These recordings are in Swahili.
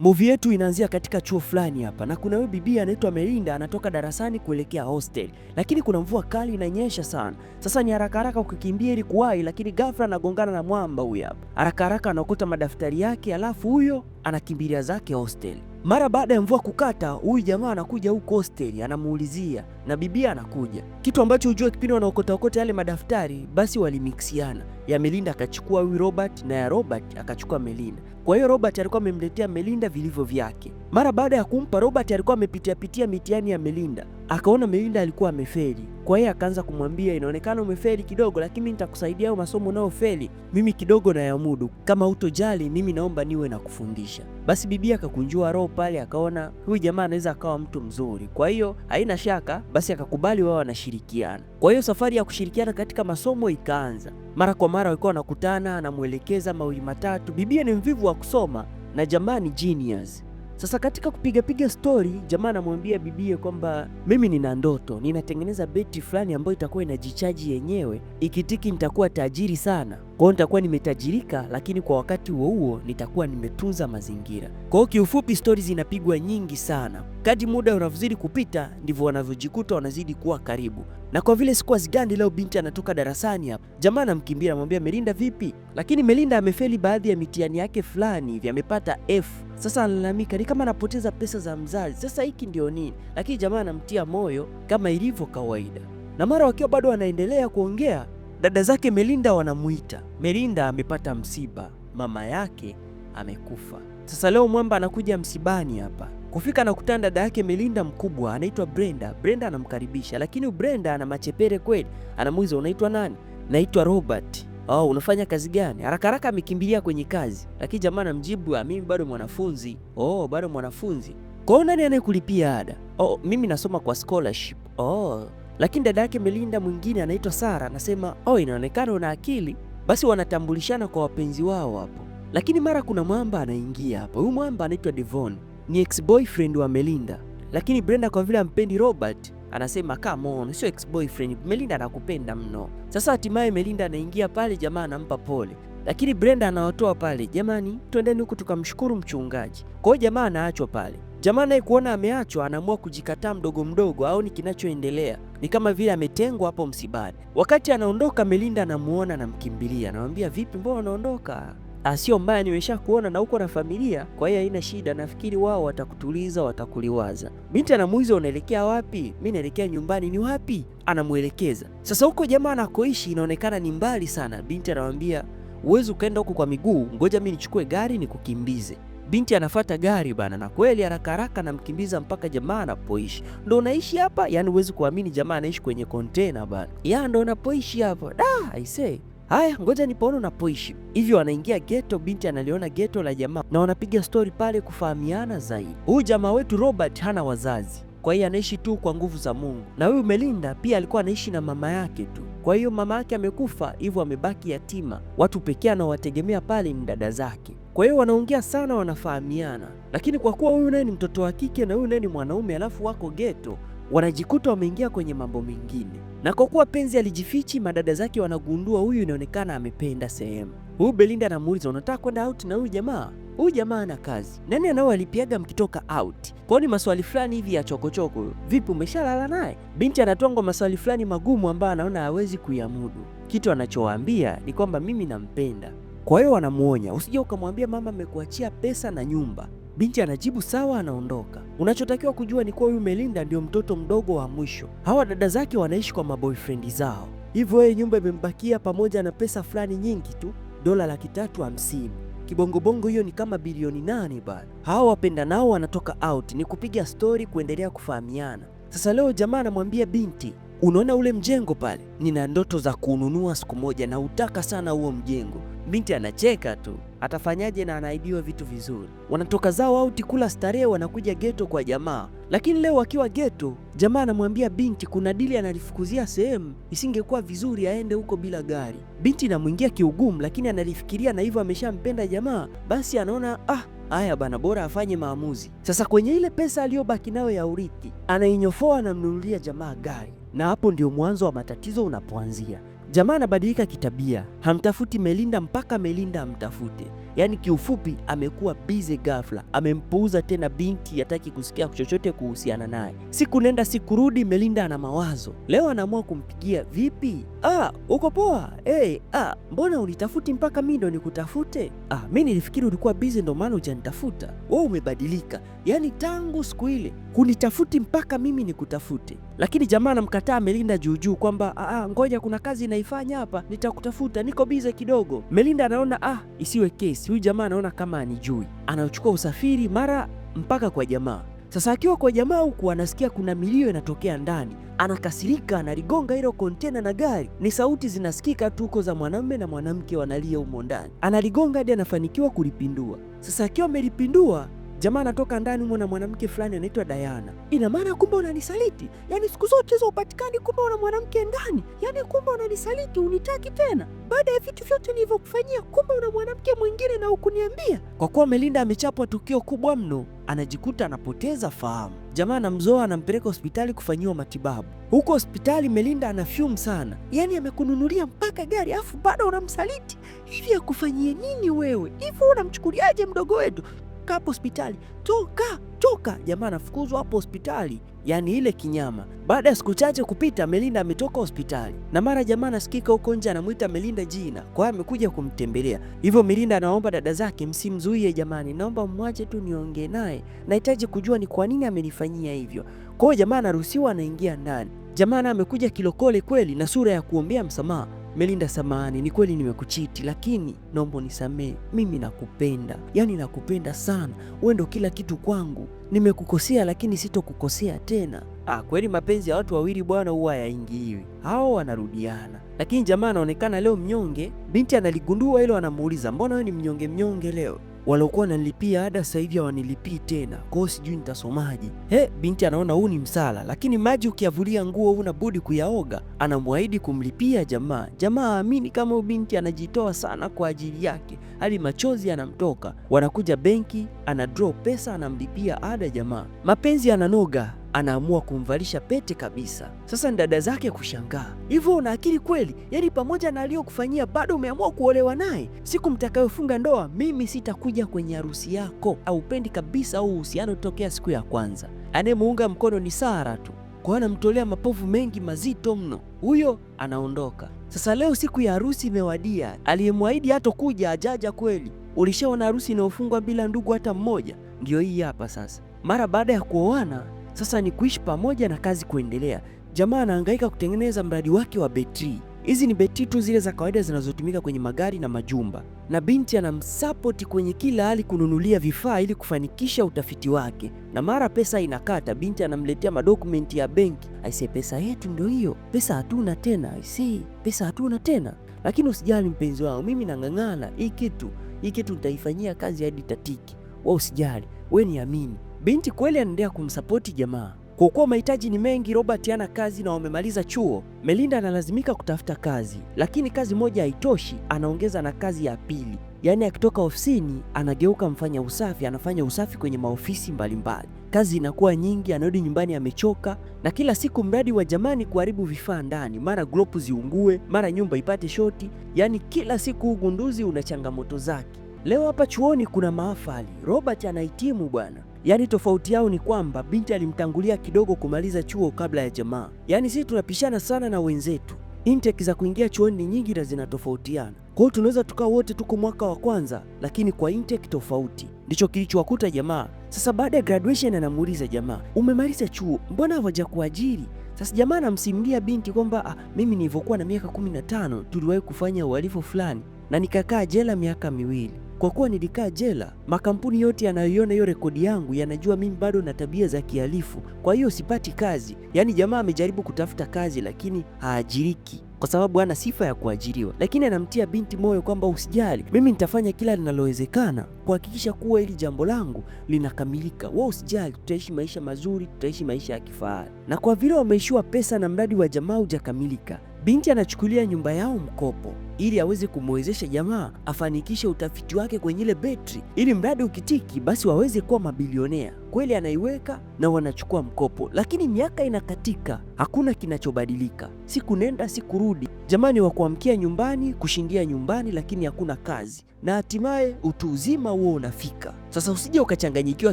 Movie yetu inaanzia katika chuo fulani hapa na kuna huyo bibi anaitwa Melinda anatoka darasani kuelekea hostel, lakini kuna mvua kali inanyesha sana. Sasa ni haraka haraka ukikimbia ili kuwahi, lakini ghafla anagongana na mwamba huyo hapa. Haraka haraka anaokota madaftari yake, alafu huyo anakimbilia zake hostel. Mara baada ya mvua kukata, huyu jamaa anakuja huko hostel, anamuulizia na bibia anakuja, kitu ambacho hujua kipindi wanaokotaokota yale madaftari, basi walimixiana ya Melinda akachukua huyu Robert na ya Robert akachukua Melinda. Kwa hiyo Robert alikuwa amemletea Melinda vilivyo vyake. Mara baada ya kumpa Robert, alikuwa amepitiapitia mitihani ya Melinda, akaona Melinda alikuwa amefeli kwa hiyo akaanza kumwambia, inaonekana umefeli kidogo, lakini nitakusaidia hayo masomo unayofeli, mimi kidogo nayamudu. Kama hutojali, mimi naomba niwe na kufundisha. Basi bibi akakunjua roho pale, akaona huyu jamaa anaweza akawa mtu mzuri, kwa hiyo haina shaka. Basi akakubali, wao wanashirikiana. Kwa hiyo safari ya kushirikiana katika masomo ikaanza. Mara kwa mara walikuwa wanakutana, anamwelekeza mawili matatu. Bibia ni mvivu wa kusoma na jamaa ni genius. Sasa katika kupigapiga stori, jamaa anamwambia bibie kwamba mimi nina ndoto, ninatengeneza beti fulani ambayo itakuwa inajichaji yenyewe, ikitiki nitakuwa tajiri sana. Kwa hiyo nitakuwa nimetajirika, lakini kwa wakati huo huo nitakuwa nimetunza mazingira. Kwa hiyo kiufupi, stori zinapigwa nyingi sana. kadi muda unavyozidi kupita, ndivyo wanavyojikuta wanazidi kuwa karibu. Na kwa vile sikuwa zigandi, leo binti anatoka darasani hapa, jamaa anamkimbia, anamwambia Melinda, vipi? Lakini Melinda amefeli baadhi ya mitihani yake fulani hivi, amepata F. Sasa analalamika ni kama anapoteza pesa za mzazi. Sasa hiki ndio nini? Lakini jamaa anamtia moyo kama ilivyo kawaida, na mara wakiwa bado wanaendelea kuongea Dada zake Melinda wanamuita. Melinda amepata msiba, mama yake amekufa. Sasa leo Mwamba anakuja msibani hapa. Kufika anakutana dada yake Melinda mkubwa anaitwa Brenda. Brenda anamkaribisha, lakini Brenda ana machepere kweli. Anamuuliza, unaitwa nani? Naitwa Robert. Oh, unafanya kazi gani? Haraka haraka amekimbilia kwenye kazi, lakini jamaa anamjibu, ah, mimi bado mwanafunzi. Oh, bado mwanafunzi. Kwa nani anayekulipia ada? Oh, mimi nasoma kwa scholarship. Oh, lakini dada yake Melinda mwingine anaitwa Sara anasema, oh, inaonekana una akili. Basi wanatambulishana kwa wapenzi wao hapo, lakini mara kuna mwamba anaingia hapo. Huyu mwamba anaitwa Devon, ni ex boyfriend wa Melinda, lakini Brenda kwa vile ampendi Robert anasema come on, sio ex boyfriend, Melinda anakupenda mno. Sasa hatimaye Melinda anaingia pale, jamaa anampa pole, lakini Brenda anawatoa pale, jamani, twendeni huku tukamshukuru mchungaji. Kwa hiyo jamaa anaachwa pale. Jamaa naye kuona ameachwa, anaamua kujikataa mdogo mdogo, aoni kinachoendelea, ni kama vile ametengwa hapo msibani. Wakati anaondoka, Melinda anamuona, anamkimbilia, anamwambia vipi, mbona unaondoka? Ah, sio mbaya, nimesha kuona na uko na familia, kwa hiyo haina shida. Nafikiri wao watakutuliza, watakuliwaza. Binti anamuuliza unaelekea wapi? Mimi naelekea nyumbani. Ni wapi? Anamwelekeza. Sasa huko jamaa anakoishi inaonekana ni mbali sana. Binti anamwambia huwezi ukaenda huko kwa miguu, ngoja mimi nichukue gari nikukimbize. Binti anafata gari bana, na kweli haraka haraka anamkimbiza mpaka jamaa anapoishi. Ndo unaishi hapa? Yaani huwezi kuamini, jamaa anaishi kwenye kontena bana. Ya ndo unapoishi hapa? Da, I say Haya, ngoja nipoona unapoishi. Hivyo wanaingia geto, binti analiona geto la jamaa na wanapiga stori pale kufahamiana zaidi. Huyu jamaa wetu Robert hana wazazi, kwa hiyo anaishi tu kwa nguvu za Mungu. Na huyu Melinda pia alikuwa anaishi na mama yake tu, kwa hiyo mama yake amekufa, hivyo amebaki yatima. Watu pekee anaowategemea pale ni dada zake. Kwa hiyo wanaongea sana, wanafahamiana, lakini kwa kuwa huyu naye ni mtoto wa kike na huyu naye ni mwanaume, alafu wako geto, wanajikuta wameingia kwenye mambo mengine. Na kwa kuwa penzi alijifichi, madada zake wanagundua huyu inaonekana amependa sehemu. Huyu Belinda anamuuliza, unataka kwenda out na huyu jamaa? huyu jamaa ana kazi, nani anaowalipiaga mkitoka out? Kwao ni maswali fulani hivi ya chokochoko -choko. Vipi, umeshalala naye? Binti anatwangwa maswali fulani magumu ambayo anaona hawezi kuyamudu. Kitu anachowaambia ni kwamba mimi nampenda. Kwa hiyo wanamwonya usije ukamwambia mama amekuachia pesa na nyumba. Binti anajibu sawa, anaondoka. Unachotakiwa kujua ni kuwa huyu Melinda ndio mtoto mdogo wa mwisho. Hawa dada zake wanaishi kwa maboyfriend zao, hivyo yeye nyumba imembakia pamoja na pesa fulani nyingi tu, dola laki tatu hamsini kibongobongo hiyo ni kama bilioni nane bana. Hawa wapenda nao wanatoka out, ni kupiga stori, kuendelea kufahamiana. Sasa leo jamaa anamwambia binti, unaona ule mjengo pale, nina ndoto za kununua siku moja na utaka sana huo mjengo. Binti anacheka tu atafanyaje na anaidiwa vitu vizuri. Wanatoka zao auti kula starehe, wanakuja geto kwa jamaa. Lakini leo akiwa geto, jamaa anamwambia binti kuna dili analifukuzia sehemu, isingekuwa vizuri aende huko bila gari. Binti inamwingia kiugumu, lakini analifikiria na hivyo ameshampenda jamaa, basi anaona ah, haya bana, bora afanye maamuzi. Sasa kwenye ile pesa aliyobaki nayo ya urithi, anainyofoa, anamnunulia jamaa gari, na hapo ndio mwanzo wa matatizo unapoanzia. Jamaa anabadilika kitabia, hamtafuti Melinda mpaka Melinda amtafute. Yaani kiufupi, amekuwa bize ghafla, amempuuza tena binti, hataki kusikia chochote kuhusiana naye. Siku nenda siku rudi, Melinda ana mawazo. Leo anaamua kumpigia, vipi? Ah, uko poa? Hey, ah, mbona unitafuti mpaka mimi ndo nikutafute? Ah, mimi nilifikiri ulikuwa busy ndo maana hujanitafuta. Wewe umebadilika, yaani tangu siku ile kunitafuti mpaka mimi nikutafute. Lakini jamaa namkataa Melinda juujuu kwamba ah, ah, ngoja kuna kazi naifanya hapa, nitakutafuta, niko bize kidogo. Melinda anaona ah, isiwe kesi, huyu jamaa anaona kama anijui, anachukua usafiri mara mpaka kwa jamaa sasa akiwa kwa jamaa huku anasikia kuna milio inatokea ndani, anakasirika, analigonga hilo kontena na gari. Ni sauti zinasikika tuko za mwanamume na mwanamke wanalia humo ndani, analigonga hadi anafanikiwa kulipindua. Sasa akiwa amelipindua jamaa anatoka ndani humo na mwanamke fulani anaitwa Diana. Ina maana kumbe unanisaliti? Yaani siku zote hizo upatikani, kumbe una mwanamke ndani? Yaani kumbe unanisaliti, unitaki tena baada ya vitu vyote nilivyokufanyia, kumbe una mwanamke mwingine na ukuniambia. Kwa kuwa Melinda amechapwa tukio kubwa mno, anajikuta anapoteza fahamu. Jamaa anamzoa anampeleka hospitali kufanyiwa matibabu. Huko hospitali Melinda ana anafyumu sana, yaani amekununulia mpaka gari afu bado unamsaliti hivi. Akufanyie nini wewe? Hivi unamchukuliaje mdogo wetu? toka hapo hospitali, toka toka. Jamaa anafukuzwa hapo hospitali, yaani ile kinyama. Baada ya siku chache kupita, Melinda ametoka hospitali na mara jamaa anasikika huko nje anamwita Melinda jina, kwa hiyo amekuja kumtembelea. Hivyo Melinda anaomba dada zake, msimzuie jamani, naomba mwache tu niongee naye, nahitaji kujua ni kwa nini amenifanyia hivyo. Kwa hiyo jamaa anaruhusiwa, anaingia ndani. Jamaa amekuja kilokole kweli na sura ya kuombea msamaha. Melinda, samahani, ni kweli nimekuchiti, lakini naomba samee Mimi nakupenda, yaani nakupenda sana, wewe ndo kila kitu kwangu. Nimekukosea lakini sitokukosea tena. Ah, kweli mapenzi ya watu wawili bwana huwa yaingiwi, hao wanarudiana. Lakini jamaa anaonekana leo mnyonge, binti analigundua hilo, anamuuliza mbona wewe ni mnyonge mnyonge leo? waliokuwa wananilipia ada sasa hivi hawanilipii tena, kwa sijui nitasomaje. He, binti anaona huu ni msala, lakini maji ukiavulia nguo huna budi kuyaoga. Anamwahidi kumlipia jamaa. Jamaa aamini kama huyu binti anajitoa sana kwa ajili yake, hadi machozi anamtoka Wanakuja benki, ana draw pesa, anamlipia ada jamaa. Mapenzi ananoga anaamua kumvalisha pete kabisa. Sasa ni dada zake kushangaa, hivyo una akili kweli? Yaani pamoja na aliyokufanyia bado umeamua kuolewa naye? Siku mtakayofunga ndoa mimi sitakuja kwenye harusi yako. Aupendi kabisa au uhusiano tokea siku ya kwanza. Anayemuunga mkono ni Sara tu, kwa anamtolea mapovu mengi mazito mno. Huyo anaondoka. Sasa leo siku ya harusi imewadia, aliyemwahidi hatokuja ajaja kweli. Ulishaona harusi inayofungwa bila ndugu hata mmoja? Ndiyo hii hapa sasa. Mara baada ya kuoana sasa ni kuishi pamoja na kazi kuendelea. Jamaa anahangaika kutengeneza mradi wake wa betri. Hizi ni betri tu zile za kawaida zinazotumika kwenye magari na majumba, na binti anamsapoti kwenye kila hali, kununulia vifaa ili kufanikisha utafiti wake. Na mara pesa inakata, binti anamletea madokumenti ya benki. Aise, pesa yetu ndio hiyo, pesa hatuna tena. Aise, pesa hatuna tena, lakini usijali mpenzi wangu, mimi nang'ang'ana hii kitu, hii kitu nitaifanyia kazi hadi tatiki. Wewe usijali, wewe niamini. Binti kweli anaendelea kumsapoti jamaa. Kwa kuwa mahitaji ni mengi, Robert hana kazi na wamemaliza chuo, Melinda analazimika kutafuta kazi, lakini kazi moja haitoshi, anaongeza na kazi ya pili. Yaani akitoka ofisini anageuka mfanya usafi, anafanya usafi kwenye maofisi mbalimbali. Kazi inakuwa nyingi, anarudi nyumbani amechoka, na kila siku mradi wa jamani kuharibu vifaa ndani, mara glopu ziungue, mara nyumba ipate shoti. Yaani kila siku ugunduzi una changamoto zake. Leo hapa chuoni kuna mahafali, Robert anahitimu bwana Yaani tofauti yao ni kwamba binti alimtangulia kidogo kumaliza chuo kabla ya jamaa. Yaani sisi tunapishana sana na wenzetu, intake za kuingia chuoni ni nyingi na zinatofautiana. Kwa hiyo tunaweza tukaa wote tuko mwaka wa kwanza, lakini kwa intake tofauti. Ndicho kilichowakuta jamaa. Sasa baada ya graduation, anamuuliza jamaa, umemaliza chuo, mbona kuajiri Sasa jamaa anamsimulia binti kwamba ah, mimi nilivyokuwa na miaka 15 tuliwahi kufanya uhalifu fulani na nikakaa jela miaka miwili. Kwa kuwa nilikaa jela, makampuni yote yanayoiona hiyo rekodi yangu yanajua mimi bado na tabia za kihalifu, kwa hiyo sipati kazi. Yaani jamaa amejaribu kutafuta kazi lakini haajiriki kwa sababu ana sifa ya kuajiriwa, lakini anamtia binti moyo kwamba usijali, mimi nitafanya kila linalowezekana kuhakikisha kuwa hili jambo langu linakamilika. Wewe usijali, tutaishi maisha mazuri, tutaishi maisha ya kifahari. Na kwa vile wameishiwa pesa na mradi wa jamaa hujakamilika, binti anachukulia nyumba yao mkopo ili aweze kumwezesha jamaa afanikishe utafiti wake kwenye ile betri, ili mradi ukitiki, basi waweze kuwa mabilionea. Kweli anaiweka na wanachukua mkopo, lakini miaka inakatika, hakuna kinachobadilika. Siku nenda siku rudi, jamani, wa kuamkia nyumbani, kushindia nyumbani, lakini hakuna kazi, na hatimaye utu uzima huo unafika. Sasa usije ukachanganyikiwa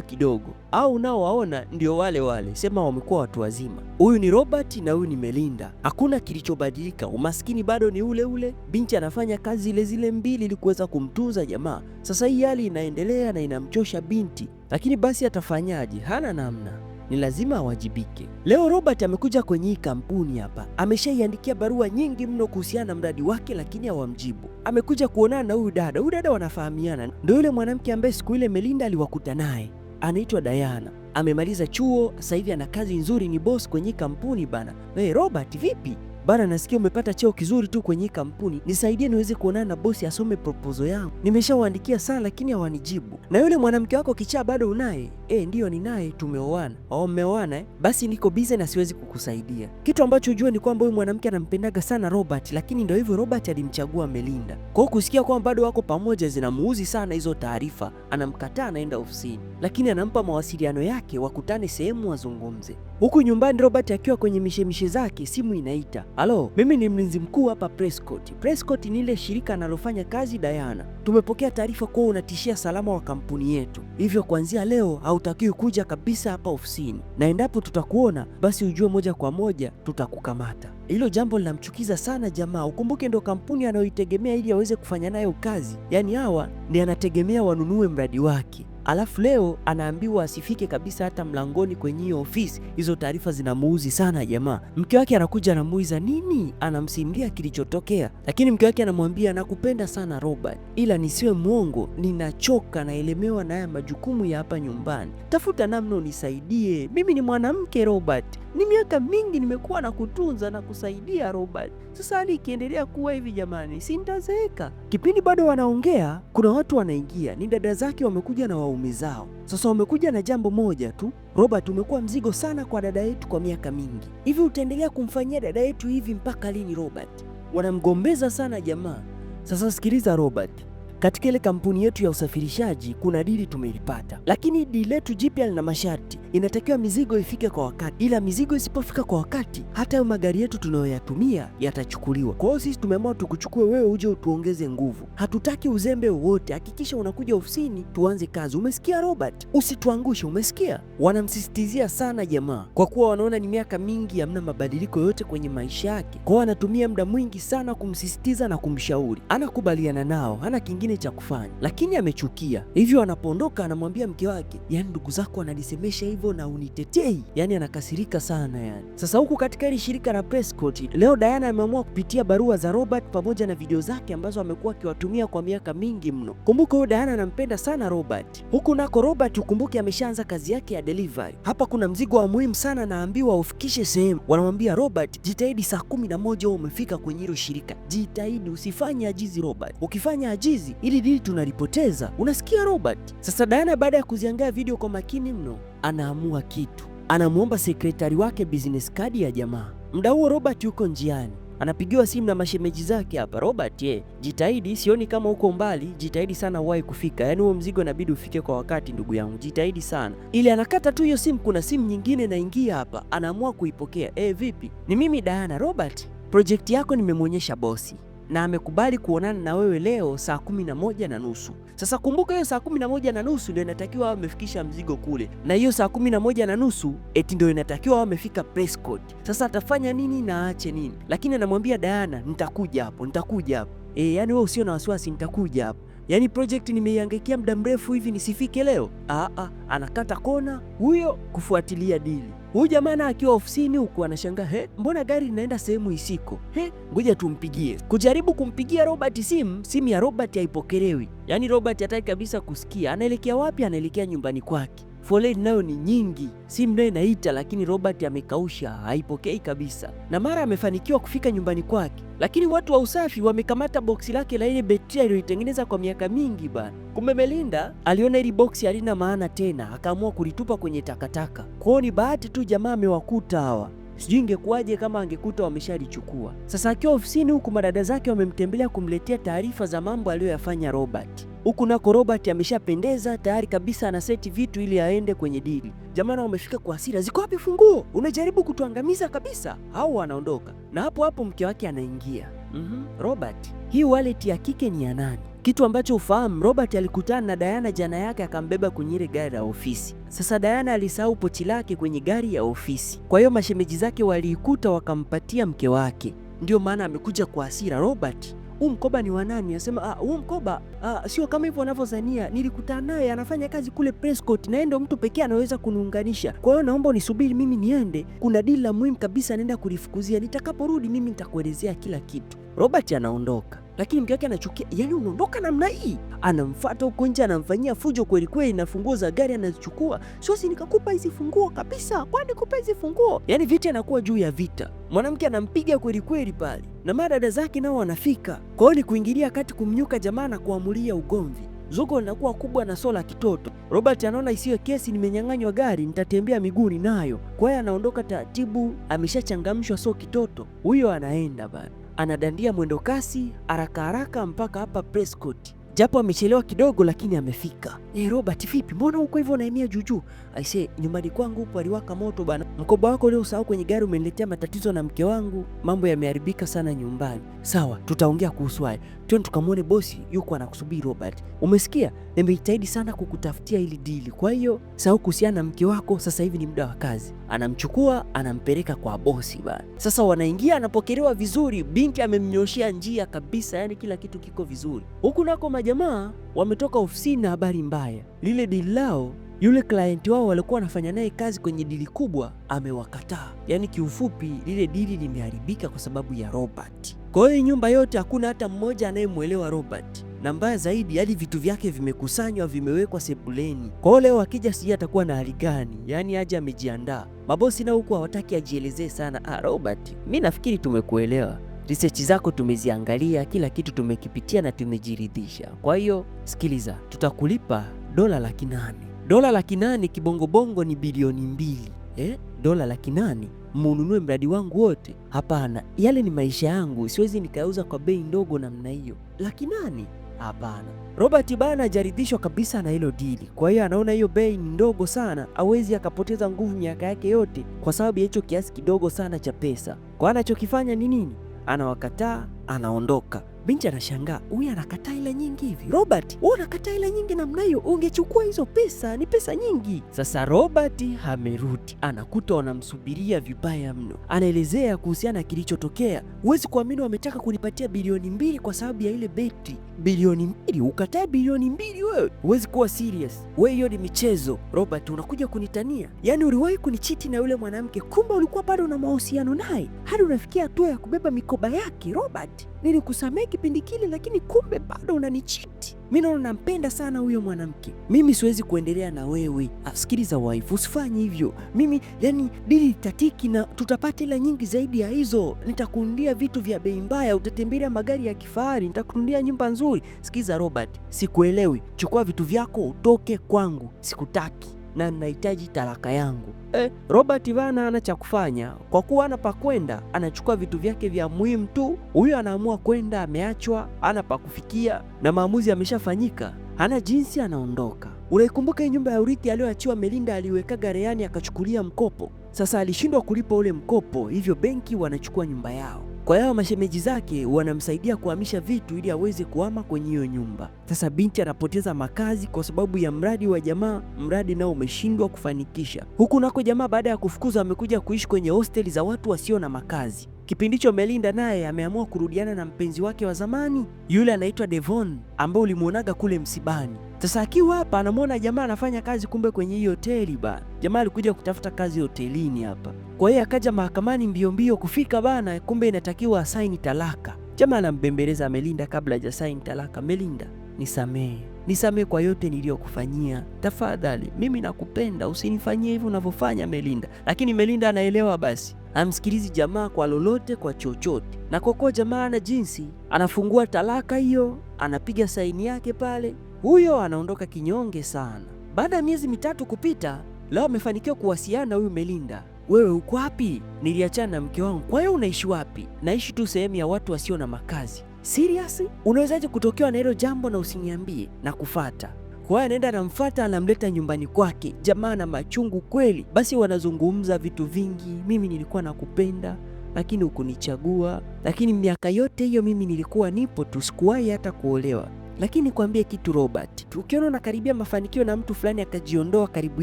kidogo, au unaowaona ndio wale wale, sema wamekuwa watu wazima. Huyu ni Robert na huyu ni Melinda, hakuna kilichobadilika, umaskini bado ni ule ule, binti anafanya kazi zile zile mbili ili kuweza kumtunza jamaa. Sasa hii hali inaendelea na inamchosha binti, lakini basi atafanyaje? Hana namna, ni lazima awajibike. Leo Robert amekuja kwenye hii kampuni hapa, ameshaiandikia barua nyingi mno kuhusiana na mradi wake, lakini hawamjibu. Amekuja kuonana na huyu dada, huyu dada wanafahamiana, ndio yule mwanamke ambaye siku ile Melinda aliwakuta naye, anaitwa Diana. Amemaliza chuo sasa hivi ana kazi nzuri, ni boss kwenye kampuni bana. Hey, Robert vipi? Bana, nasikia umepata cheo kizuri tu kwenye hii kampuni, nisaidie niweze kuonana na bosi asome proposal yangu. Nimeshawaandikia sana lakini hawanijibu. Na yule mwanamke wako kichaa bado unaye? E, eh, ndiyo ninaye, tumeoana. Oh, mmeoana eh? Basi niko bize na siwezi kukusaidia. Kitu ambacho ujue ni kwamba huyu mwanamke anampendaga sana Robert, lakini ndio hivyo, Robert alimchagua Melinda. Kwa hiyo kusikia kwamba bado wako pamoja zinamuuzi sana hizo taarifa, anamkataa anaenda ofisini, lakini anampa mawasiliano yake wakutane sehemu wazungumze. Huku nyumbani Robert akiwa kwenye mishemishe zake, simu inaita. Halo, mimi ni mlinzi mkuu hapa Prescott. Prescott ni ile shirika analofanya kazi Diana. Tumepokea taarifa kuwa unatishia salama wa kampuni yetu, hivyo kuanzia leo hautakiwi kuja kabisa hapa ofisini, na endapo tutakuona basi ujue moja kwa moja tutakukamata. Hilo jambo linamchukiza sana jamaa. Ukumbuke ndo kampuni anayoitegemea ili aweze kufanya nayo kazi, yaani hawa ndio anategemea wanunue mradi wake alafu leo anaambiwa asifike kabisa hata mlangoni kwenye hiyo ofisi. Hizo taarifa zinamuuzi sana jamaa. Mke wake anakuja anamuuliza nini, anamsimulia kilichotokea, lakini mke wake anamwambia nakupenda sana Robert, ila nisiwe mwongo, ninachoka, naelemewa na haya majukumu ya hapa nyumbani, tafuta namna unisaidie, mimi ni mwanamke Robert. Ni miaka mingi nimekuwa na kutunza na kusaidia Robert. Sasa hali ikiendelea kuwa hivi, jamani, si nitazeeka? Kipindi bado wanaongea, kuna watu wanaingia, ni dada zake wamekuja na waume zao. Sasa wamekuja na jambo moja tu, Robert, umekuwa mzigo sana kwa dada yetu kwa miaka mingi, hivi utaendelea kumfanyia dada yetu hivi mpaka lini Robert? Wanamgombeza sana jamaa. Sasa sikiliza Robert, katika ile kampuni yetu ya usafirishaji kuna dili tumelipata, lakini dili letu jipya lina masharti. Inatakiwa mizigo ifike kwa wakati, ila mizigo isipofika kwa wakati, hata hayo magari yetu tunayoyatumia yatachukuliwa. Kwa hiyo sisi tumeamua tukuchukue wewe uje utuongeze nguvu. Hatutaki uzembe wowote, hakikisha unakuja ofisini tuanze kazi. Umesikia Robert? Usituangushe, umesikia? Wanamsisitizia sana jamaa, kwa kuwa wanaona ni miaka mingi hamna mabadiliko yote kwenye maisha yake. Kwa hiyo anatumia muda mwingi sana kumsisitiza na kumshauri, anakubaliana nao, hana kingine kingine cha kufanya, lakini amechukia. Hivyo anapoondoka anamwambia mke wake, yani ndugu zako ananisemesha hivyo na unitetei, yani anakasirika sana yani. Sasa huku katika hili shirika la Prescott leo Diana ameamua kupitia barua za Robert pamoja na video zake ambazo amekuwa akiwatumia kwa miaka mingi mno. Kumbuka huyo Diana anampenda sana Robert. Huku nako Robert ukumbuke ameshaanza kazi yake ya delivery. Hapa kuna mzigo wa muhimu sana naambiwa ufikishe sehemu, wanamwambia Robert, jitahidi saa kumi na moja umefika kwenye hilo shirika, jitahidi usifanye ajizi Robert, ukifanya ajizi ili dili tunalipoteza. Unasikia Robert? Sasa Diana baada ya kuziangaa video kwa makini mno, anaamua kitu. Anamwomba sekretari wake business card ya jamaa. Mda huo Robert yuko njiani anapigiwa simu na mashemeji zake hapa. Robert, ye eh, jitahidi, sioni kama uko mbali, jitahidi sana uwahi kufika, yaani huo mzigo inabidi ufike kwa wakati, ndugu yangu, jitahidi sana. Ili anakata tu hiyo simu, kuna simu nyingine naingia hapa, anaamua kuipokea. E, vipi? Ni mimi Diana. Robert, projekti yako nimemwonyesha bosi na amekubali kuonana na wewe leo saa kumi na moja na nusu. Sasa kumbuka hiyo saa kumi na moja na nusu ndio inatakiwa amefikisha mzigo kule, na hiyo saa kumi na moja na nusu eti ndio inatakiwa amefika press Sasa atafanya nini na aache nini? Lakini anamwambia Diana, nitakuja hapo, nitakuja hapo e, yani wewe usio na wasiwasi, nitakuja hapo Yaani project nimeihangaikia muda mrefu hivi nisifike leo? Aa, anakata kona huyo kufuatilia dili. Huyu jamana akiwa ofisini huku anashangaa, he, mbona gari linaenda sehemu isiko? He, ngoja tumpigie. Kujaribu kumpigia Robert simu, simu ya Robert haipokelewi. Yaani Robert hataki kabisa kusikia. Anaelekea wapi? Anaelekea nyumbani kwake. Foleni nayo ni nyingi, simu nayo inaita, lakini Robert amekausha, haipokei kabisa. Na mara amefanikiwa kufika nyumbani kwake, lakini watu wa usafi wamekamata boksi lake la ile betria iliyoitengeneza kwa miaka mingi bana. Kumbe Melinda aliona ili boksi halina maana tena, akaamua kulitupa kwenye takataka. Kwao ni bahati tu jamaa amewakuta hawa. Sijui ingekuwaje kama angekuta wameshalichukua. Sasa akiwa ofisini huku, madada zake wamemtembelea kumletea taarifa za mambo aliyoyafanya Robert. Huku nako Robert ameshapendeza tayari kabisa, anaseti vitu ili aende kwenye dili. Jamani, wamefika kwa hasira, ziko wapi funguo? Unajaribu kutuangamiza kabisa au? wanaondoka na hapo hapo mke wake anaingia. mm -hmm. Robert, hii waleti ya kike ni ya nani? Kitu ambacho ufahamu, Robert alikutana na Diana jana yake akambeba kwenye ile gari la ofisi. Sasa Diana alisahau pochi lake kwenye gari ya ofisi, kwa hiyo mashemeji zake waliikuta wakampatia mke wake. Ndio maana amekuja kwa hasira Robert, huu mkoba ni wa nani? Anasema ah, huu mkoba ah, sio kama hivyo wanavyozania, nilikutana naye anafanya kazi kule Prescott, na yeye mtu pekee anaweza kuniunganisha. Kwa hiyo naomba unisubiri mimi niende, kuna dili la muhimu kabisa naenda kulifukuzia, nitakaporudi mimi nitakuelezea kila kitu. Robert anaondoka lakini mke wake anachukia, yani unaondoka namna hii. Anamfuata huko nje, anamfanyia fujo kweli kweli, na funguo za gari anazichukua. Siwezi nikakupa hizi funguo kabisa, kwani kupa hizi funguo. Yani vita inakuwa juu ya vita, mwanamke anampiga kweli kweli pale, na madada zake nao wanafika. Kwa hiyo ni kuingilia kati, kumnyuka jamaa na kuamulia ugomvi. Zuko linakuwa kubwa na sola kitoto. Robert anaona isiyo kesi, nimenyang'anywa gari, nitatembea miguu ninayo. Kwa hiyo anaondoka taratibu, ameshachangamshwa so kitoto huyo, anaenda bana anadandia mwendo kasi haraka haraka mpaka hapa Prescott, japo amechelewa kidogo, lakini amefika. Hey, eh, Robert vipi, mbona uko hivyo unaemea juujuu? Aisee, nyumbani kwangu huko aliwaka moto bana. Mkoba wako leo usahau kwenye gari umeniletea matatizo na mke wangu. Mambo yameharibika sana nyumbani. Sawa, tutaongea kuhusu haya. Twende tukamwone bosi, yuko anakusubiri Robert. Umesikia? Nimejitahidi sana kukutafutia hili dili. Kwa hiyo, sahau kuhusiana na mke wako, sasa hivi ni muda wa kazi. Anamchukua, anampeleka kwa bosi bana. Sasa wanaingia, anapokelewa vizuri, binti amemnyoshea njia kabisa, yani kila kitu kiko vizuri. Huku nako majamaa wametoka ofisini na habari mbaya. Lile dili lao yule client wao walikuwa wanafanya naye kazi kwenye dili kubwa amewakataa. Yaani kiufupi lile dili limeharibika kwa sababu ya Robert. Kwa hiyo nyumba yote hakuna hata mmoja anayemwelewa Robert, na mbaya zaidi hadi vitu vyake vimekusanywa vimewekwa sebuleni. Kwa hiyo leo akija sijui atakuwa na hali gani, yaani aje amejiandaa. Mabosi nao huku hawataki ajielezee sana. Ah, Robert, mi nafikiri tumekuelewa Research zako tumeziangalia, kila kitu tumekipitia na tumejiridhisha. Kwa hiyo sikiliza, tutakulipa dola laki nane. Dola laki nane kibongobongo ni bilioni mbili eh? Dola laki nane mununue mradi wangu wote? Hapana, yale ni maisha yangu, siwezi nikayauza kwa bei ndogo namna hiyo. Laki nane? Hapana. Robert bana hajaridhishwa kabisa na hilo dili, kwa hiyo anaona hiyo bei ni ndogo sana, awezi akapoteza nguvu miaka yake yote kwa sababu ya hicho kiasi kidogo sana cha pesa. Kwa anachokifanya ni nini? Anawakataa, anaondoka. Binti anashangaa, huyu anakataa hela nyingi hivi? Robert, wewe unakataa hela nyingi namna hiyo, ungechukua hizo pesa, ni pesa nyingi. Sasa Robert amerudi, anakuta wanamsubiria vibaya mno, anaelezea kuhusiana na kilichotokea. Huwezi kuamini, wametaka kunipatia bilioni mbili kwa sababu ya ile beti. Bilioni mbili? Ukatae bilioni mbili wewe? Huwezi kuwa serious wewe, hiyo ni michezo. Robert, unakuja kunitania? Yaani uliwahi kunichiti na yule mwanamke, kumbe ulikuwa bado na mahusiano naye, hadi unafikia hatua ya kubeba mikoba yake. Robert, nilikusamehe kipindi kile, lakini kumbe bado unanichiti. Mi naona nampenda sana huyo mwanamke, mimi siwezi kuendelea na wewe. Asikiliza ah, waifu usifanye hivyo. Mimi yani dili tatiki, na tutapata hela nyingi zaidi ya hizo. nitakuundia vitu vya bei mbaya, utatembelea magari ya kifahari, nitakundia nyumba nzuri. Sikiza Robert, sikuelewi. Chukua vitu vyako utoke kwangu, sikutaki na ninahitaji talaka yangu. Eh, Robert Vana ana cha kufanya kwa kuwa ana pa kwenda, anachukua vitu vyake vya muhimu tu. Huyo anaamua kwenda, ameachwa, ana pa kufikia na maamuzi yameshafanyika, hana jinsi, anaondoka. Unaikumbuka hii nyumba ya urithi aliyoachiwa Melinda? Aliweka gareani akachukulia mkopo. Sasa alishindwa kulipa ule mkopo, hivyo benki wanachukua nyumba yao. Kwa hiyo mashemeji zake wanamsaidia kuhamisha vitu ili aweze kuhama kwenye hiyo nyumba. Sasa binti anapoteza makazi kwa sababu ya mradi wa jamaa, mradi nao umeshindwa kufanikisha. Huku nako jamaa baada ya kufukuzwa amekuja kuishi kwenye hosteli za watu wasio na makazi. Kipindi hicho Melinda naye ameamua kurudiana na mpenzi wake wa zamani yule anaitwa Devon ambaye ulimuonaga kule msibani. Sasa akiwa hapa anamwona jamaa anafanya kazi kumbe kwenye hii hoteli bana. Jamaa alikuja kutafuta kazi hotelini hapa, kwa hiyo akaja mahakamani mbio mbio kufika bana, kumbe inatakiwa asaini talaka. Jamaa anambembeleza Melinda kabla hajasaini talaka, Melinda, nisamehe nisamehe kwa yote niliyokufanyia, tafadhali, mimi nakupenda, usinifanyie hivyo unavyofanya Melinda. Lakini Melinda anaelewa basi amsikilizi jamaa kwa lolote, kwa chochote, na koko jamaa na jinsi anafungua talaka hiyo, anapiga saini yake pale, huyo anaondoka kinyonge sana. Baada ya miezi mitatu kupita, leo amefanikiwa kuwasiliana huyu Melinda. Wewe uko wapi? Niliachana na mke wangu. Kwa hiyo unaishi wapi? Naishi tu sehemu ya watu wasio na makazi. Serious? Unawezaje kutokewa na hilo jambo na usiniambie na kufata kwa hiyo anaenda anamfuata, anamleta nyumbani kwake. Jamaa na machungu kweli. Basi wanazungumza vitu vingi, mimi nilikuwa nakupenda lakini hukunichagua, lakini miaka yote hiyo mimi nilikuwa nipo tu, sikuwahi hata kuolewa. Lakini kuambie kitu Robert, ukiona unakaribia mafanikio na mtu fulani akajiondoa karibu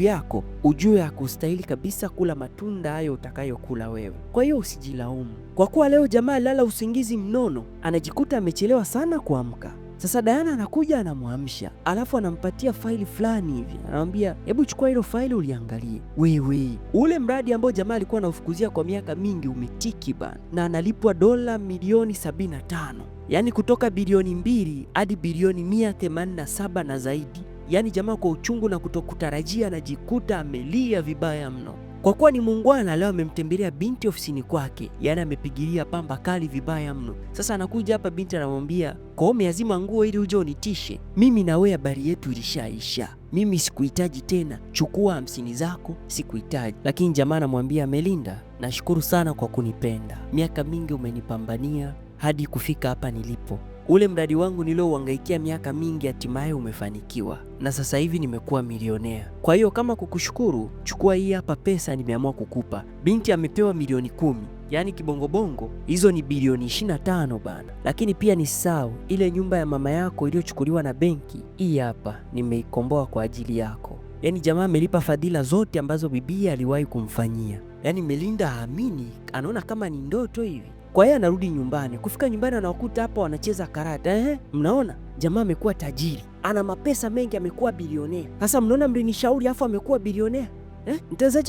yako, ujue hakustahili kabisa kula matunda hayo utakayokula wewe. Kwa hiyo usijilaumu, kwa kuwa leo jamaa alilala usingizi mnono, anajikuta amechelewa sana kuamka. Sasa Diana anakuja anamwamsha, alafu anampatia faili fulani hivi, anamwambia hebu chukua hilo faili uliangalie wewe. Ule mradi ambao jamaa alikuwa anaufukuzia kwa miaka mingi umetiki bana, na analipwa dola milioni 75 yaani kutoka bilioni mbili hadi bilioni 187 na zaidi. Yaani jamaa kwa uchungu na kutokutarajia anajikuta amelia vibaya mno. Kwa kuwa ni muungwana, leo amemtembelea binti ofisini kwake, yaani amepigilia pamba kali vibaya mno. Sasa anakuja hapa, binti anamwambia kwao umeazima nguo ili uje unitishe mimi na wewe, habari yetu ilishaisha, mimi sikuhitaji tena, chukua hamsini zako, sikuhitaji. Lakini jamaa anamwambia Melinda, nashukuru sana kwa kunipenda, miaka mingi umenipambania hadi kufika hapa nilipo Ule mradi wangu niliouhangaikia miaka mingi hatimaye umefanikiwa na sasa hivi nimekuwa milionea. Kwa hiyo kama kukushukuru, chukua hii hapa pesa nimeamua kukupa. Binti amepewa milioni kumi, yaani kibongobongo hizo ni bilioni 25 bana. Lakini pia ni sawa ile nyumba ya mama yako iliyochukuliwa na benki, hii hapa nimeikomboa kwa ajili yako. Yaani jamaa amelipa fadhila zote ambazo bibi aliwahi kumfanyia. Yaani Melinda haamini, anaona kama ni ndoto hivi. Kwa yeye anarudi nyumbani. Kufika nyumbani, anawakuta hapa wanacheza karata. eh? mnaona jamaa amekuwa tajiri, ana mapesa mengi, amekuwa bilionea. Sasa mnaona mlinishauri, afu amekuwa bilionea eh?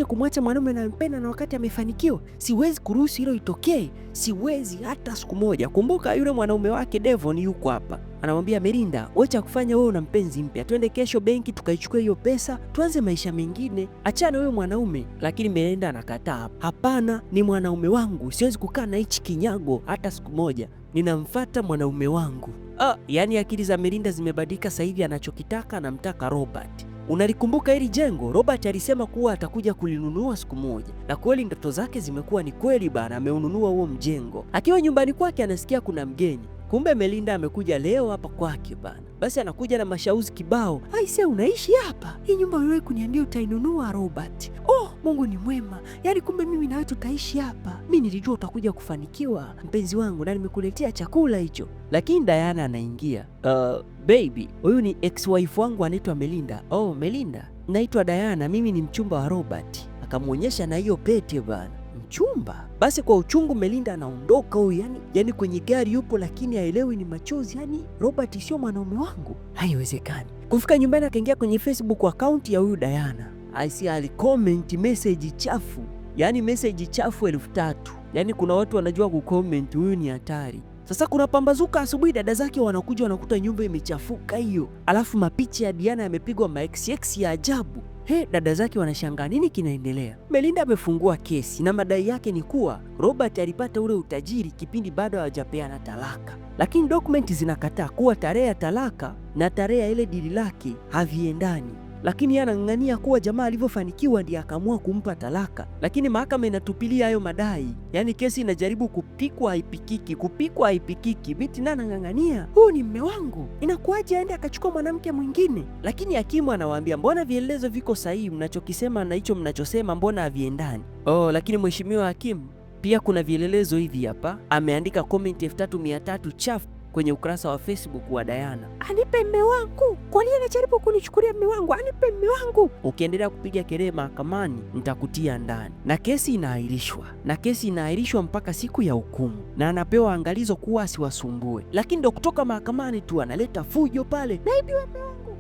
kumwacha mwanaume nampenda na wakati amefanikiwa? Siwezi kuruhusu hilo itokee, siwezi hata siku moja. Kumbuka yule mwanaume wake Devon yuko hapa, anamwambia Merinda, wacha kufanya wewe una mpenzi mpya, twende kesho benki tukaichukua hiyo pesa, tuanze maisha mengine, achana huyo mwanaume. Lakini Merinda anakataa, hapana, ni mwanaume wangu, siwezi kukaa na hichi kinyago hata siku moja, ninamfata mwanaume wangu. Ah, yaani akili za Merinda zimebadilika sasa hivi, anachokitaka anamtaka Robert. Unalikumbuka hili jengo? Robert alisema kuwa atakuja kulinunua siku moja, na kweli ndoto zake zimekuwa ni kweli bana, ameununua huo mjengo. Akiwa nyumbani kwake anasikia kuna mgeni Kumbe Melinda amekuja leo hapa kwake bana. Basi anakuja na mashauzi kibao. Aisha, unaishi hapa? Hii nyumba uliwahi kuniambia utainunua Robert. Oh, Mungu ni mwema. Yaani kumbe mimi nawe tutaishi hapa. Mi nilijua utakuja kufanikiwa mpenzi wangu, na nimekuletea chakula hicho. Lakini Diana anaingia. Uh, baby, huyu ni ex wife wangu anaitwa Melinda. Oh, Melinda, naitwa Diana, mimi ni mchumba wa Robert. Akamwonyesha na hiyo pete bana mchumba. Basi kwa uchungu Melinda anaondoka huyu, yani, yani kwenye gari yupo lakini haelewi ni machozi, yani Robert sio mwanaume wangu, haiwezekani. Kufika nyumbani akaingia kwenye Facebook akaunti ya huyu Diana aisi, alicomment message chafu, yani message chafu elfu tatu. Yani kuna watu wanajua kucomment, huyu ni hatari. Sasa kuna pambazuka asubuhi, dada zake wanakuja wanakuta nyumba imechafuka hiyo, alafu mapicha ya Diana yamepigwa maxx ya ajabu. He, dada zake wanashangaa nini kinaendelea. Melinda amefungua kesi na madai yake ni kuwa Robert alipata ule utajiri kipindi bado hawajapeana talaka, lakini dokumenti zinakataa kuwa tarehe ya talaka na tarehe ya ile dili lake haviendani lakini anang'ang'ania kuwa jamaa alivyofanikiwa ndiye akaamua kumpa talaka, lakini mahakama inatupilia hayo madai. Yaani kesi inajaribu kupikwa haipikiki, kupikwa haipikiki. Binti naye anang'ang'ania, huyu ni mme wangu, inakuwaje aende akachukua mwanamke mwingine? Lakini hakimu anawaambia, mbona vielelezo viko sahihi, mnachokisema na hicho mnachosema mbona haviendani? Oh, lakini mheshimiwa hakimu, pia kuna vielelezo hivi hapa, ameandika komenti 3 tatu chafu kwenye ukurasa wa Facebook wa diana anipe mme wangu, kwa nini anajaribu kunichukulia mme wangu? Anipe mme wangu. Ukiendelea kupiga kelele mahakamani, nitakutia ndani, na kesi inaahirishwa, na kesi inaahirishwa mpaka siku ya hukumu, na anapewa angalizo kuwa asiwasumbue. Lakini ndo kutoka mahakamani tu analeta fujo pale, naibiwa mme wangu,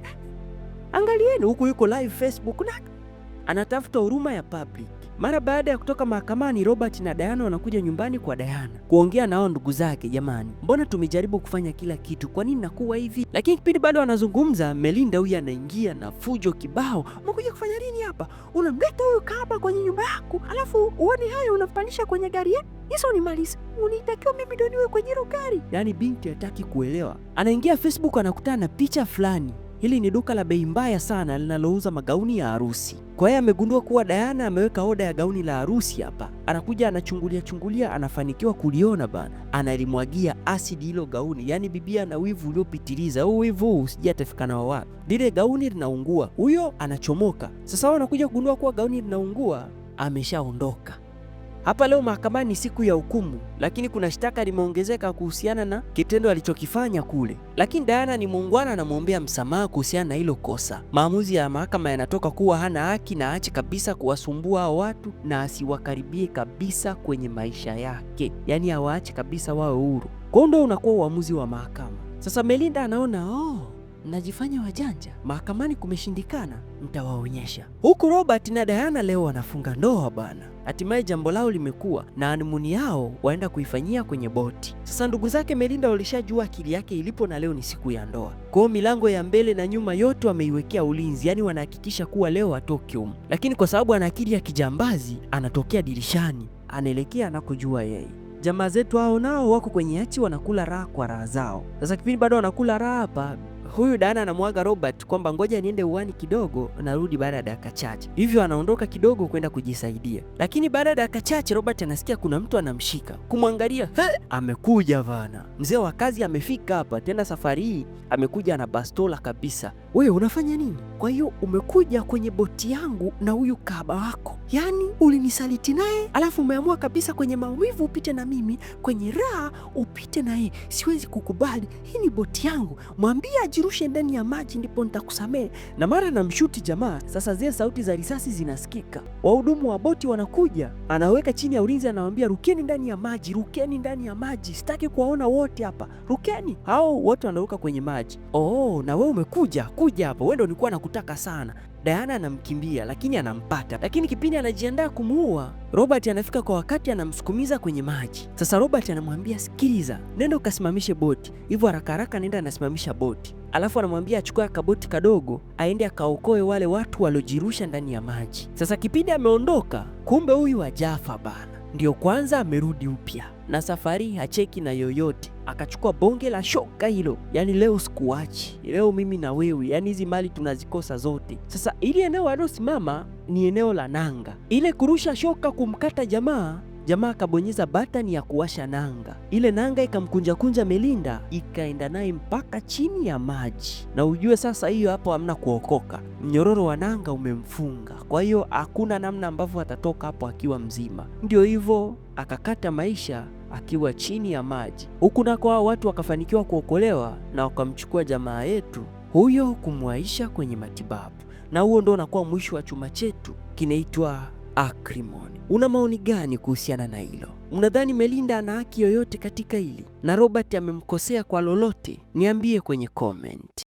angalieni, huku yuko live Facebook na anatafuta huruma ya public. Mara baada ya kutoka mahakamani, Robert na Diana wanakuja nyumbani kwa Diana kuongea na hao ndugu zake. Jamani, mbona tumejaribu kufanya kila kitu, kwa nini nakuwa hivi? Lakini kipindi bado wanazungumza, Melinda huyu anaingia na fujo kibao. Umekuja kufanya nini hapa? Unamleta huyu kaba kwenye nyumba yako, alafu uone hayo unapandisha kwenye gari yetu hizo ni mali unitakiwa mimi ndio niwe kwenye hilo gari. Yaani binti hataki kuelewa, anaingia Facebook anakutana na picha fulani Hili ni duka la bei mbaya sana linalouza magauni ya harusi. Kwa hiyo amegundua kuwa Diana ameweka oda ya gauni la harusi hapa, anakuja anachungulia chungulia, anafanikiwa kuliona bana, analimwagia asidi hilo gauni. Yaani bibia na wivu uliopitiliza, huu wivu huu usije atafikana wapi. Lile gauni linaungua, huyo anachomoka. Sasa wao anakuja kugundua kuwa gauni linaungua, ameshaondoka. Hapa leo mahakamani ni siku ya hukumu, lakini kuna shtaka limeongezeka kuhusiana na kitendo alichokifanya kule, lakini Diana ni muungwana, anamwombea msamaha kuhusiana na hilo kosa. Maamuzi ya mahakama yanatoka kuwa hana haki na aache kabisa kuwasumbua hao watu na asiwakaribie kabisa kwenye maisha yake, yaani awaache kabisa wawe huru. Kwa hiyo ndio unakuwa uamuzi wa mahakama. Sasa Melinda anaona oh, mnajifanya wajanja, mahakamani kumeshindikana, mtawaonyesha. Huku Robert na Diana leo wanafunga ndoa bana. Hatimaye jambo lao limekuwa na anmuni yao waenda kuifanyia kwenye boti. Sasa ndugu zake Melinda walishajua akili yake ilipo, na leo ni siku ya ndoa. kwao. milango ya mbele na nyuma yote wameiwekea ulinzi, yaani wanahakikisha kuwa leo hatoki humu, lakini kwa sababu ana akili ya kijambazi anatokea dirishani, anaelekea anakojua yeye. Jamaa zetu hao nao wako kwenye achi, wanakula raha kwa raha zao. Sasa kipindi bado wanakula raha hapa huyu dana anamwaga Robert kwamba ngoja niende uwani kidogo, narudi baada ya dakika chache. Hivyo anaondoka kidogo kwenda kujisaidia, lakini baada ya dakika chache Robert anasikia kuna mtu anamshika. Kumwangalia, he, amekuja Vana, mzee wa kazi amefika hapa tena, safari hii amekuja na bastola kabisa. Wewe unafanya nini? Kwa hiyo umekuja kwenye boti yangu na huyu kahaba wako Yaani ulinisaliti naye, alafu umeamua kabisa kwenye maumivu upite na mimi, kwenye raha upite na yeye. Siwezi kukubali, hii ni boti yangu. Mwambie ajirushe ndani ya maji, ndipo nitakusamehe. Na mara namshuti jamaa. Sasa zile sauti za risasi zinasikika, wahudumu wa boti wanakuja, anaweka chini ya ulinzi, anawambia rukeni ndani ya maji, rukeni ndani ya maji, sitaki kuwaona wote hapa, rukeni. Hao wote wanaruka kwenye maji. Oh, na we umekuja kuja hapa, we ndo nilikuwa nakutaka sana. Diana anamkimbia lakini anampata, lakini kipindi anajiandaa kumuua Robert anafika kwa wakati, anamsukumiza kwenye maji. Sasa Robert anamwambia sikiliza, nenda ukasimamishe boti. Hivyo haraka haraka nenda anasimamisha boti, alafu anamwambia achukue akaboti kadogo aende akaokoe wale watu waliojirusha ndani ya maji. Sasa kipindi ameondoka, kumbe huyu ajafa bana ndio kwanza amerudi upya na safari hacheki na yoyote, akachukua bonge la shoka hilo. Yani leo sikuachi, leo mimi na wewe, yani hizi mali tunazikosa zote. Sasa ili eneo alosimama ni eneo la nanga, ile kurusha shoka kumkata jamaa Jamaa akabonyeza batani ya kuwasha nanga, ile nanga ikamkunjakunja Melinda, ikaenda naye mpaka chini ya maji. Na ujue sasa, hiyo hapo hamna kuokoka, mnyororo wa nanga umemfunga, kwa hiyo hakuna namna ambavyo atatoka hapo akiwa mzima. Ndio hivyo, akakata maisha akiwa chini ya maji. Huku nako hao watu wakafanikiwa kuokolewa na wakamchukua jamaa yetu huyo kumwaisha kwenye matibabu, na huo ndo unakuwa mwisho wa chuma chetu kinaitwa Acrimony. Una maoni gani kuhusiana na hilo? Mnadhani Melinda ana haki yoyote katika hili na Robert amemkosea kwa lolote? Niambie kwenye comment.